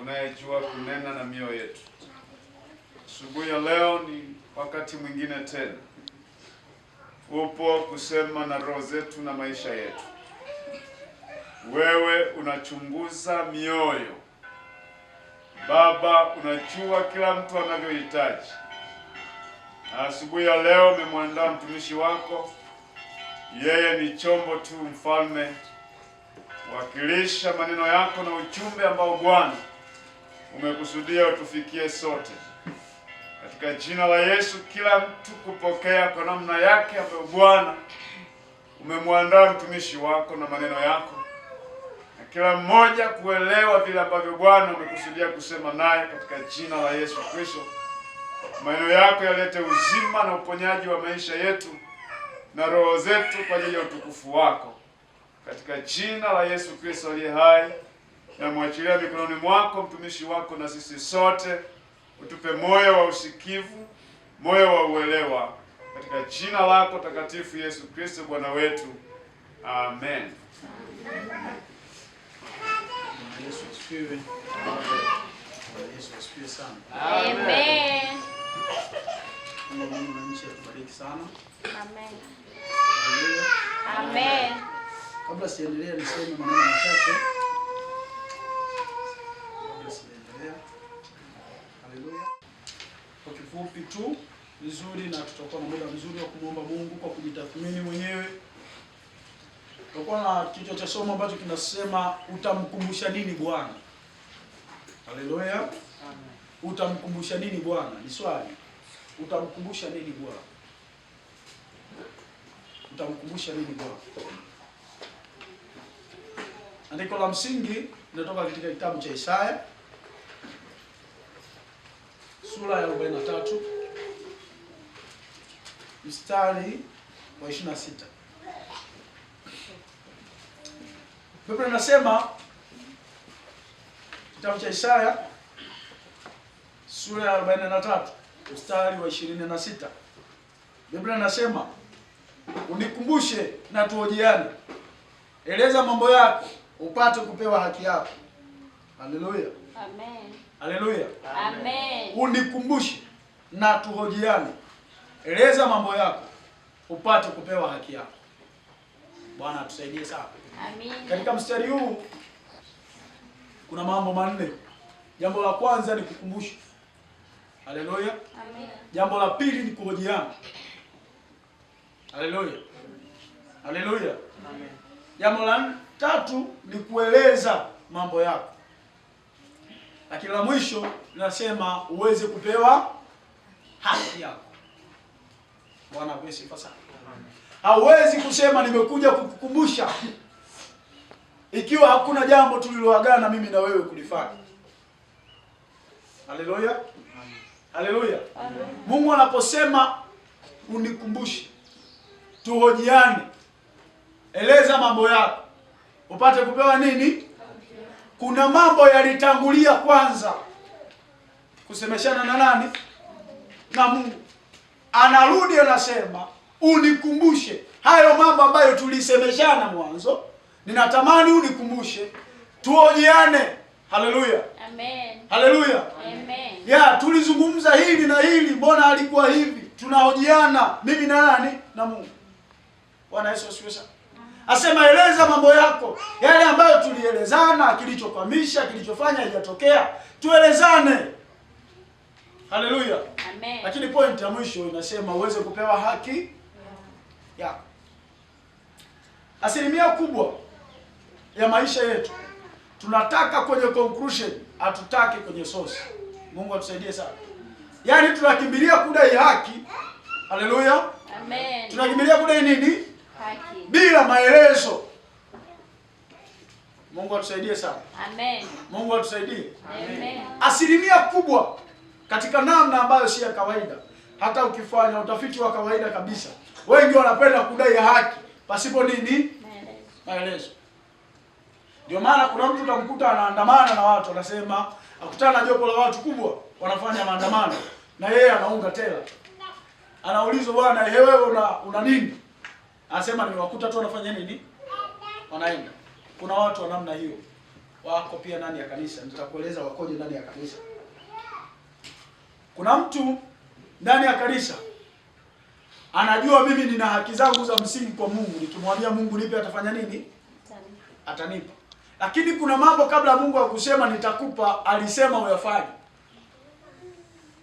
unayejua kunena na mioyo yetu. Asubuhi ya leo ni wakati mwingine tena, upo kusema na roho zetu na maisha yetu. Wewe unachunguza mioyo Baba, unajua kila mtu anavyohitaji. Na asubuhi ya leo umemwandaa mtumishi wako, yeye ni chombo tu, mfalme wakilisha maneno yako na ujumbe ambao Bwana umekusudia utufikie sote, katika jina la Yesu. Kila mtu kupokea kwa namna yake ambayo Bwana umemwandaa mtumishi wako na maneno yako, na kila mmoja kuelewa vile ambavyo Bwana umekusudia kusema naye, katika jina la Yesu Kristo. Maneno yako yalete uzima na uponyaji wa maisha yetu na roho zetu kwa ajili ya utukufu wako katika jina la Yesu Kristo aliye hai, namwachilia mikononi mwako mtumishi wako, na sisi sote utupe moyo wa usikivu, moyo wa uelewa, katika jina lako takatifu Yesu Kristo Bwana wetu, amen. Amen. Amen. Amen. Amen. Kabla siendelee niseme maneno machache. Kabla Haleluya. Kwa kifupi tu vizuri, na tutakuwa na muda mzuri wa kumwomba Mungu kwa kujitathmini mwenyewe. Tutakuwa na kichwa cha somo ambacho kinasema utamkumbusha nini Bwana? Haleluya. Amen. Utamkumbusha nini Bwana? Ni swali. Utamkumbusha nini Bwana? Utamkumbusha nini Bwana? Andiko la msingi linatoka katika kitabu cha Isaya sura ya 43 mstari wa 26. Biblia inasema kitabu cha Isaya sura ya 43 mstari wa 26. Biblia inasema unikumbushe na tuojiane, eleza mambo yako upate kupewa haki yako. Haleluya, amen. Haleluya, amen. Unikumbushe na tuhojiane, eleza mambo yako upate kupewa haki yako. Bwana atusaidie sana. Amen. Katika mstari huu kuna mambo manne. Jambo la kwanza ni kukumbusha. Haleluya, amen. Jambo la pili ni kuhojiana. Haleluya, haleluya, amen. Jambo la Tatu ni kueleza mambo yako, lakini la mwisho nasema uweze kupewa haki yako. Bwana apewe sana. Hauwezi kusema nimekuja kukukumbusha ikiwa hakuna jambo tuliloagana mimi na wewe kulifanya. Haleluya, haleluya. Mungu anaposema unikumbushe, tuhojiane, eleza mambo yako upate kupewa nini? Kuna mambo yalitangulia kwanza, kusemeshana na nani? Na Mungu. Anarudi anasema unikumbushe hayo mambo ambayo tulisemeshana mwanzo, ninatamani unikumbushe, tuojeane. Haleluya, amen. Haleluya, amen. Ya tulizungumza hili na hili, mbona alikuwa hivi? Tunahojiana mimi na nani? Na Mungu. Bwana Yesu asifiwe sana asema eleza mambo yako yale ambayo tulielezana, kilichokwamisha, kilichofanya haijatokea, tuelezane. Haleluya, amen. Lakini point ya mwisho inasema uweze kupewa haki yako. Asilimia kubwa ya maisha yetu tunataka kwenye conclusion, hatutaki kwenye source. Mungu atusaidie sana. Yaani tunakimbilia kudai haki. Haleluya, amen. Tunakimbilia kudai nini? bila maelezo. Mungu atusaidie sana. Amen. Mungu atusaidie. Amen. Asilimia kubwa katika namna ambayo si ya kawaida, hata ukifanya utafiti wa kawaida kabisa, wengi wanapenda kudai haki pasipo nini? Maelezo. Ndio maana kuna mtu utamkuta anaandamana na watu, anasema akutana na jopo la watu kubwa, wanafanya maandamano na yeye anaunga tela, anaulizwa bwana, wewe una, una nini? Anasema nimewakuta tu wanafanya nini? Wanaenda. Kuna watu wa namna hiyo wako pia ndani ya kanisa. Nitakueleza wakoje ndani ya kanisa. Kuna mtu ndani ya kanisa anajua mimi nina haki zangu za msingi kwa Mungu, nikimwambia Mungu nipe atafanya nini? Atanipa. Lakini kuna mambo kabla Mungu akusema nitakupa, alisema uyafanye.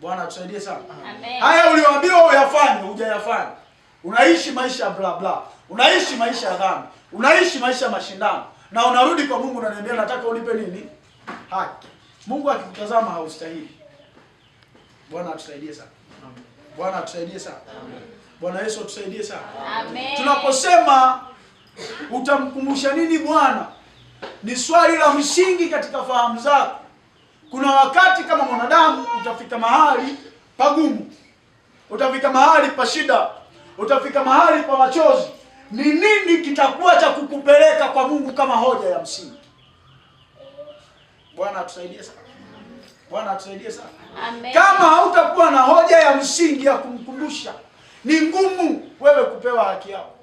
Bwana atusaidie sana. Amen. Haya uliyoambiwa uyafanye, hujayafanya unaishi maisha ya bla bla, unaishi maisha ya dhambi, unaishi maisha ya mashindano, na unarudi kwa Mungu unaniambia nataka unipe nini? Haki. Mungu akikutazama haustahili. Bwana atusaidie sana. Bwana atusaidie sana. Bwana Yesu atusaidie sana. Amen. Tunaposema utamkumbusha nini Bwana, ni swali la msingi katika fahamu zako. Kuna wakati kama mwanadamu utafika mahali pagumu, utafika mahali pa shida utafika mahali pa machozi. Ni nini kitakuwa cha kukupeleka kwa Mungu kama hoja ya msingi? Bwana atusaidie sana. Bwana atusaidie sana. Amen. Kama hautakuwa na hoja ya msingi ya kumkumbusha, ni ngumu wewe kupewa haki yako,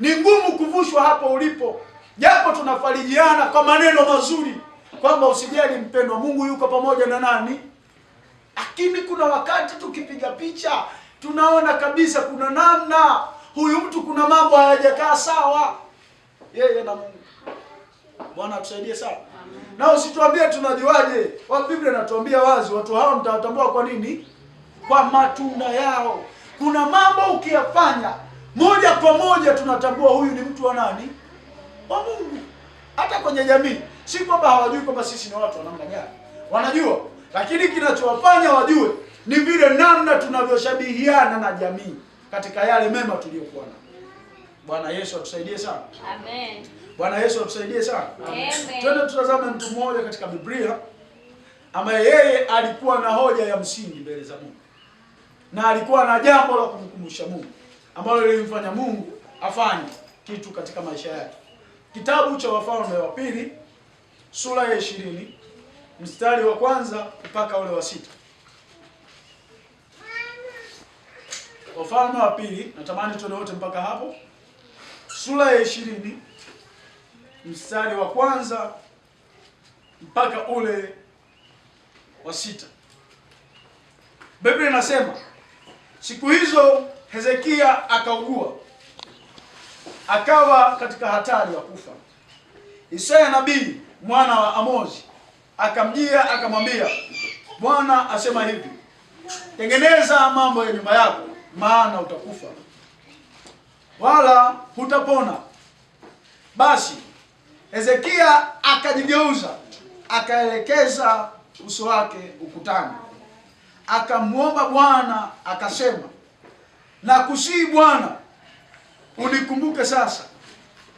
ni ngumu kuvushwa hapo ulipo, japo tunafarijiana kwa maneno mazuri kwamba usijali mpendwa, Mungu yuko pamoja na nani, lakini kuna wakati tukipiga picha tunaona kabisa kuna namna huyu mtu, kuna mambo hayajakaa sawa yeye na Mungu. Bwana atusaidie sana, na usituambie tunajuaje. Biblia inatuambia wazi, watu hao mtawatambua kwa nini? Kwa matunda yao. Kuna mambo ukiyafanya moja kwa moja tunatambua huyu ni mtu wa nani? Wa Mungu. Hata kwenye jamii, si kwamba hawajui kwamba sisi ni watu wa namna gani, wanajua lakini kinachowafanya wajue ni vile namna tunavyoshabihiana na jamii katika yale mema tuliyokuwa nayo. Bwana Yesu atusaidie sana. Amen. Bwana Yesu atusaidie sana. Amen. Twende tutazame mtu mmoja katika Biblia ambaye yeye alikuwa na hoja ya msingi mbele za Mungu na alikuwa na jambo la kumkumbusha Mungu ambalo lilimfanya Mungu afanye kitu katika maisha yake. Kitabu cha Wafalme wa Pili sura ya ishirini mstari wa kwanza mpaka ule wa sita. Wafalme wa pili, natamani tuone wote mpaka hapo, sura ya ishirini mstari wa kwanza mpaka ule wa sita. Biblia inasema siku hizo Hezekia akaugua, akawa katika hatari ya kufa. Isaya nabii mwana wa Amozi akamjia akamwambia, Bwana asema hivi, tengeneza mambo ya nyumba yako, maana utakufa wala hutapona. Basi Hezekia akajigeuza akaelekeza uso wake ukutani, akamwomba Bwana akasema, nakusihi Bwana, unikumbuke sasa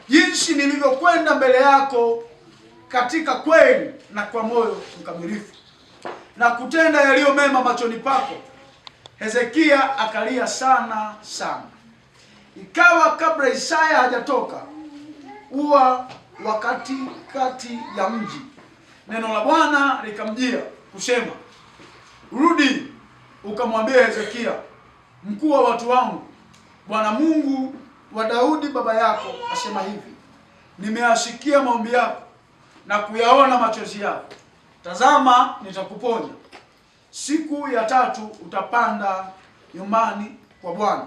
jinsi nilivyokwenda mbele yako katika kweli na kwa moyo mkamilifu na kutenda yaliyo mema machoni pako. Hezekia akalia sana sana. Ikawa kabla Isaya hajatoka uwa wa katikati ya mji, neno la Bwana likamjia kusema, rudi ukamwambia Hezekia mkuu wa watu wangu, Bwana Mungu wa Daudi baba yako asema hivi, nimeyasikia maombi yako na kuyaona machozi yao Tazama, nitakuponya. Siku ya tatu utapanda nyumbani kwa Bwana,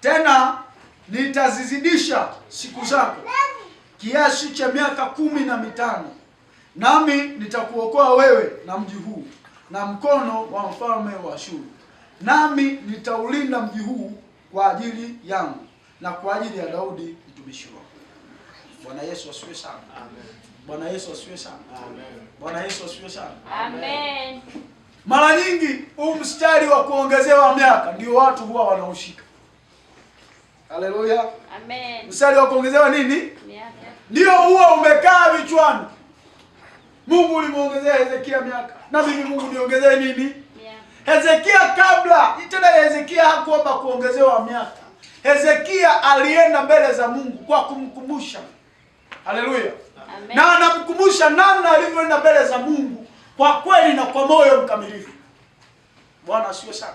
tena nitazizidisha siku zako kiasi cha miaka kumi na mitano, nami nitakuokoa wewe na mji huu na mkono wa mfalme wa Ashuru, nami nitaulinda mji huu kwa ajili yangu na kwa ajili ya Daudi mtumishi wako. Bwana Yesu asifiwe sana. Amen. Bwana Yesu asifiwe sana. Amen. Bwana Yesu asifiwe sana. Amen. Mara nyingi huu mstari wa kuongezewa miaka ndio watu huwa wanaoshika. Haleluya. Amen. Mstari wa kuongezewa nini? Miaka. Ndio huwa umekaa vichwani. Mungu ulimwongezea Hezekia miaka. Na mimi Mungu niongezee nini? Miaka. Hezekia kabla, tena Hezekia hakuomba kuongezewa miaka. Hezekia alienda mbele za Mungu kwa kumkumbusha. Haleluya. Na anamkumbusha namna alivyoenda mbele za Mungu kwa kweli na kwa moyo mkamilifu. Bwana asiwe sana.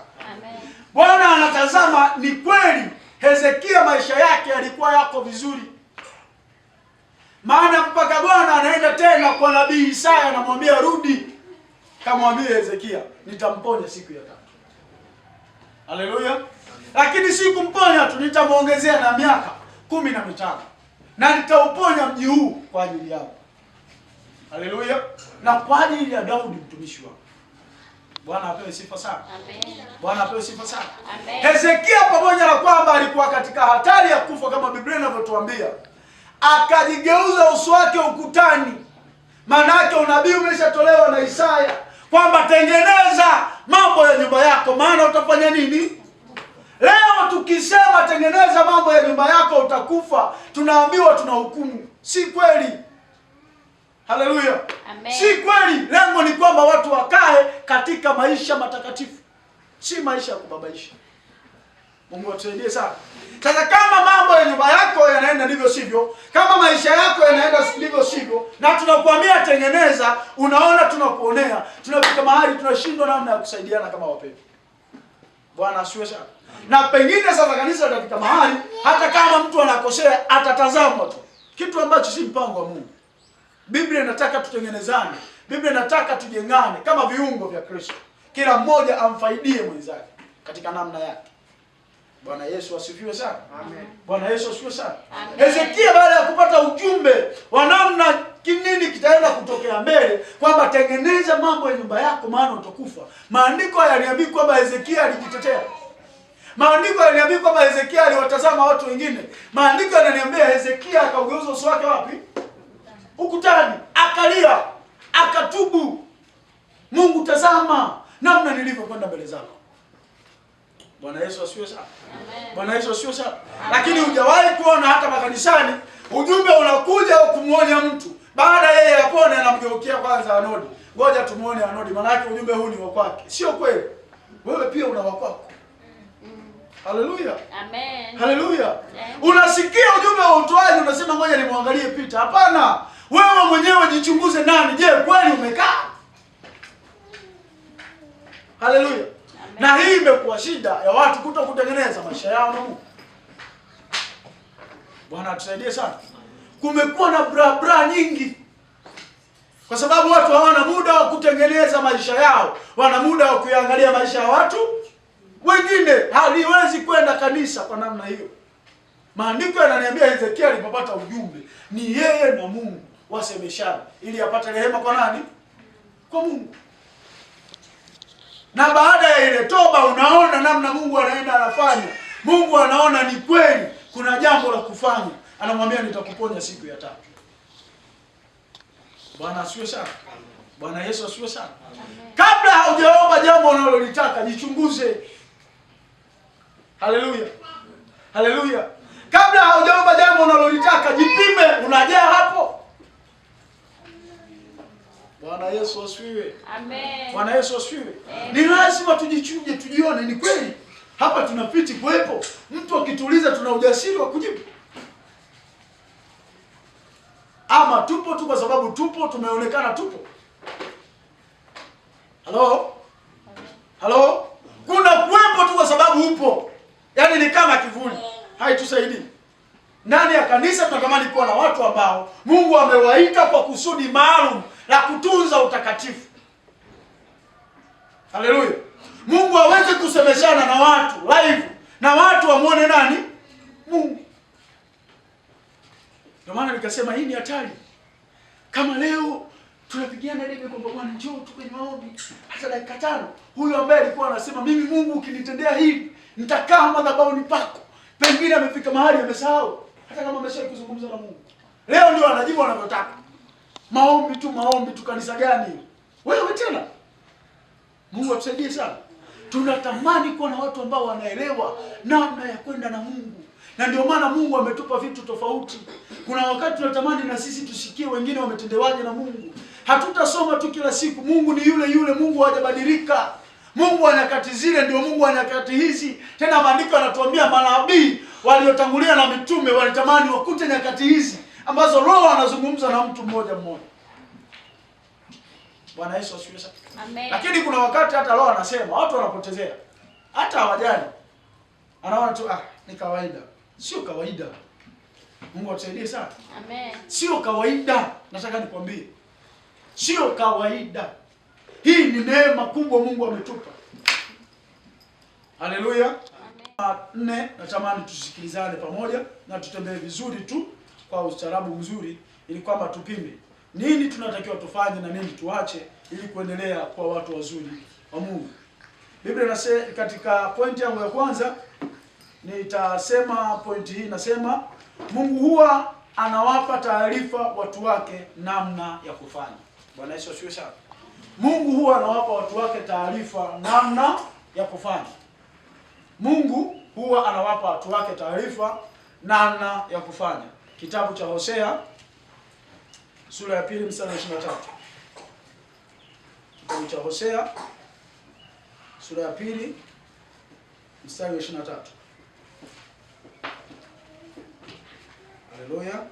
Bwana anatazama, ni kweli Hezekia maisha yake yalikuwa yako vizuri, maana mpaka Bwana anaenda tena kwa nabii Isaya, anamwambia rudi, kamwambie Hezekia nitamponya siku ya tatu. Haleluya! Lakini kumponya tu, nitamwongezea na miaka kumi na mitano na nitauponya mji huu kwa ajili yako. Haleluya! na kwa ajili ya Daudi mtumishi wako. Bwana apewe sifa sana. Amen. Bwana apewe sifa sana. Amen. Hezekia pamoja na kwamba alikuwa katika hatari ya kufa kama Biblia inavyotuambia, akajigeuza uso wake ukutani. yake unabii umeshatolewa na Isaya kwamba tengeneza mambo ya nyumba yako, maana utafanya nini leo ukisema tengeneza mambo ya nyumba yako utakufa, tunaambiwa tunahukumu. Si kweli. Haleluya, si kweli. Lengo ni kwamba watu wakae katika maisha matakatifu, si maisha ya kubabaisha. Mungu atusaidie sana. Sasa kama mambo ya nyumba yako yanaenda ndivyo sivyo, kama maisha yako yanaenda ndivyo sivyo, na tunakuambia tengeneza, unaona tunakuonea, tunafika mahali tunashindwa namna ya kusaidiana kama wapenzi. Bwana asiwe sana. Na pengine sasa kanisa katika mahali hata kama mtu anakosea atatazamwa tu, kitu ambacho si mpango wa Mungu. Biblia inataka tutengenezane, Biblia inataka tujengane kama viungo vya Kristo, kila mmoja amfaidie mwenzake katika namna yake. Bwana Yesu asifiwe sana. Amen. Bwana Yesu asifiwe sana. Hezekia baada ya kupata ujumbe wa namna kinini kitaenda kutokea mbele, kwamba tengeneza mambo ya nyumba yako, maana utakufa. Maandiko yaliambii kwamba Hezekia alijitetea. Maandiko yaliambii kwamba Hezekia aliwatazama watu wengine. Maandiko yananiambia Hezekia akaugeuza uso wake wapi? Ukutani, akalia, akatubu. Mungu, tazama namna nilivyokwenda mbele zako. Bwana Yesu asiwe sana. Bwana Yesu asiwe sana. Lakini hujawahi kuona hata makanisani ujumbe unakuja ukumuonya mtu baada yeye apone anamgeukia kwanza anodi Ngoja tumuone anodi maana yake ujumbe huu ni wa kwake. Sio kweli. Wewe pia una wa kwako. Haleluya. Amen. Haleluya. Unasikia ujumbe wa utoaji unasema ngoja nimwangalie Peter. Hapana. Wewe mwenyewe jichunguze nani Je, kweli umekaa? Haleluya na hii imekuwa shida ya watu kuto kutengeneza maisha yao na Mungu. Bwana atusaidie sana. Kumekuwa na bra nyingi kwa sababu watu hawana muda wa kutengeneza maisha yao, wana muda wa kuangalia maisha ya watu wengine. Haliwezi kwenda kanisa kwa namna hiyo. Maandiko yananiambia Ezekiel alipopata ujumbe ni yeye na Mungu wasemeshana, ili apate rehema kwa nani? Kwa Mungu na baada ya ile toba, unaona namna Mungu anaenda anafanya. Mungu anaona ni kweli kuna jambo la kufanya, anamwambia nitakuponya siku ya tatu. Bwana asiwe sana. Bwana Yesu asiwe sana. Kabla haujaomba jambo unalolitaka jichunguze. Haleluya, haleluya. Kabla haujaomba jambo unalolitaka jipime, unajaa Bwana Yesu asifiwe. Amen. Bwana Yesu asifiwe. Ni lazima tujichuje, tujione ni kweli hapa tunapiti kuwepo. Mtu akituuliza tuna ujasiri wa kujibu ama tupo tu kwa sababu tupo, tumeonekana tupo. Halo, halo, kuna kuwepo tu kwa sababu upo, yaani ni kama kivuli, haitusaidii ndani ya kanisa. Tunatamani kuwa na watu ambao Mungu amewaita kwa kusudi maalum la kutunza utakatifu. Haleluya! Mungu aweze kusemeshana na watu live na watu wamwone nani? Mungu. Ndio maana nikasema hii ni hatari. Kama leo tunapigiana debe kwamba Bwana njoo tu kwenye maombi hata dakika tano, huyu ambaye alikuwa anasema mimi Mungu ukinitendea hivi nitakaa madhabahuni pako, pengine amefika mahali amesahau hata kama ameshawahi kuzungumza na Mungu. Leo ndio anajibu anavyotaka maombi tu maombi tu, kanisa gani wewe tena? Mungu atusaidie sana. Tunatamani kuwa na watu ambao wanaelewa namna ya kwenda na Mungu, na ndio maana Mungu ametupa vitu tofauti. Kuna wakati tunatamani na sisi tusikie wengine wametendewaje na Mungu. Hatutasoma tu kila siku Mungu ni yule yule, Mungu hajabadilika, Mungu ana nyakati zile ndio Mungu wa nyakati hizi. Tena maandiko yanatuambia manabii waliotangulia na mitume walitamani wakute nyakati hizi ambazo Roho anazungumza na mtu mmoja mmoja. Bwana Yesu asifiwe sana. Amen. Lakini kuna wakati hata Roho anasema watu wanapotezea, hata hawajani, anaona tu ah, ni kawaida. Sio kawaida. Mungu atusaidie sana. Amen. Sio kawaida, nataka nikwambie, sio kawaida. Hii ni neema kubwa Mungu ametupa. Haleluya. Amen. Nne, natamani tusikilizane pamoja na tutembee vizuri tu kwa ustaarabu mzuri, ili kwamba tupime nini tunatakiwa tufanye na nini tuache, ili kuendelea kwa watu wazuri wa Mungu. Biblia inasema katika pointi yangu ya kwanza, nitasema pointi hii, nasema Mungu huwa anawapa taarifa watu wake namna ya kufanya. Bwana Yesu asifiwe sana. Mungu huwa anawapa watu wake taarifa namna ya kufanya. Mungu huwa anawapa watu wake taarifa namna ya kufanya kitabu cha Hosea sura ya pili mstari wa 23. Kitabu cha Hosea sura ya pili mstari wa 23. Haleluya.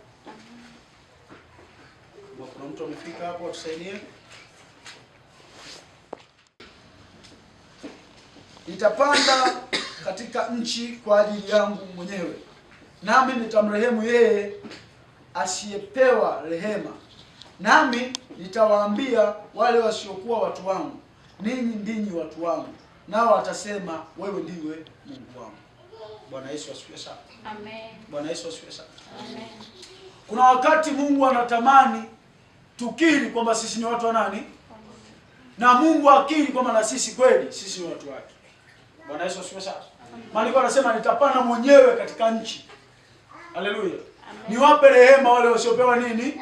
Kuna mtu amefika hapo, atusaidie. Nitapanda katika nchi kwa ajili yangu mwenyewe nami nitamrehemu yeye asiyepewa rehema, nami nitawaambia wale wasiokuwa watu wangu, ninyi ndinyi watu wangu, nao watasema wewe ndiwe Mungu wangu. Bwana Yesu asifiwe sana. Amen. Bwana Yesu asifiwe sana. Amen. Kuna wakati Mungu anatamani tukiri kwamba sisi ni watu wa nani, na Mungu akiri kwamba na sisi kweli sisi ni watu wake. Bwana Yesu asifiwe sana. Maandiko anasema nitapanda mwenyewe katika nchi Haleluya. Niwape rehema wale wasiopewa nini?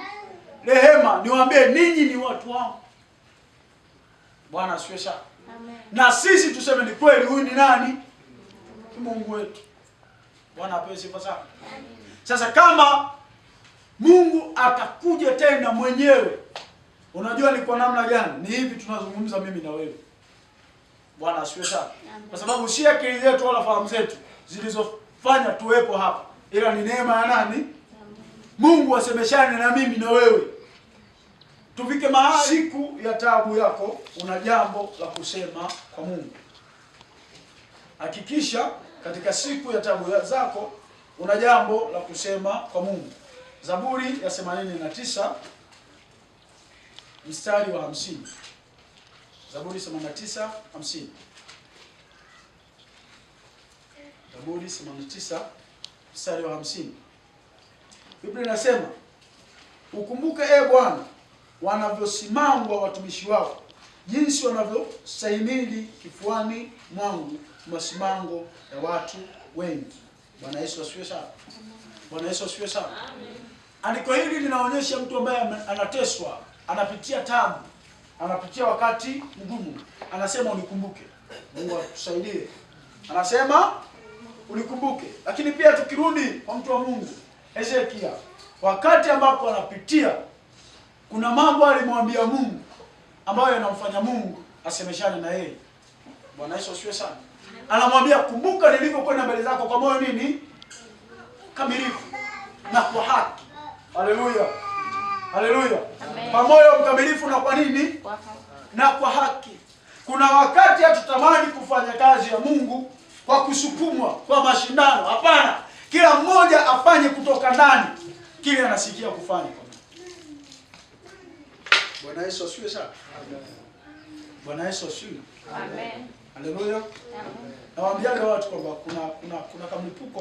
Rehema. Niwaambie ninyi ni watu wangu. Bwana asifiwe sana. Na sisi tuseme ni kweli, huyu ni nani? Ni Mungu wetu. Bwana apewe sifa sana. Sasa kama Mungu atakuja tena mwenyewe, unajua ni kwa namna gani? Ni hivi tunazungumza mimi na wewe. Bwana asifiwe sana. Kwa sababu si akili zetu wala fahamu zetu zilizofanya tuwepo hapa ila ni neema ya nani? Mungu asemeshane na mimi na wewe, tufike mahali siku ya taabu yako una jambo la kusema kwa Mungu. Hakikisha katika siku ya taabu zako una jambo la kusema kwa Mungu. Zaburi ya 89 mstari wa 50. Zaburi 89 50. Zaburi 89 mstari wa hamsini. Biblia inasema ukumbuke, e Bwana, wanavyosimangwa watumishi wako, jinsi wanavyostahimili kifuani mwangu masimango ya watu wengi. Bwana Yesu asifiwe sana. Bwana Yesu asifiwe sana. Andiko hili linaonyesha mtu ambaye anateswa, anapitia tabu, anapitia wakati mgumu, anasema unikumbuke. Mungu atusaidie. Anasema ulikumbuke. Lakini pia tukirudi kwa mtu wa Mungu Hezekia, wakati ambapo anapitia, kuna mambo alimwambia Mungu ambayo yanamfanya Mungu asemeshane na yeye. Bwana Yesu asiwe sana. Anamwambia, kumbuka nilivyokwenda mbele zako kwa moyo nini kamilifu na kwa haki. Haleluya, haleluya, kwa moyo mkamilifu na kwa nini na kwa haki. Kuna wakati hatutamani kufanya kazi ya Mungu kwa kusukumwa kwa mashindano. Hapana, kila mmoja afanye kutoka ndani kile anasikia kufanya. Bwana Yesu asifiwe sana. Amen. Bwana Yesu asifiwe. Amen. Haleluya. Nawaambiaga watu kwamba kuna kuna kuna kamlipuko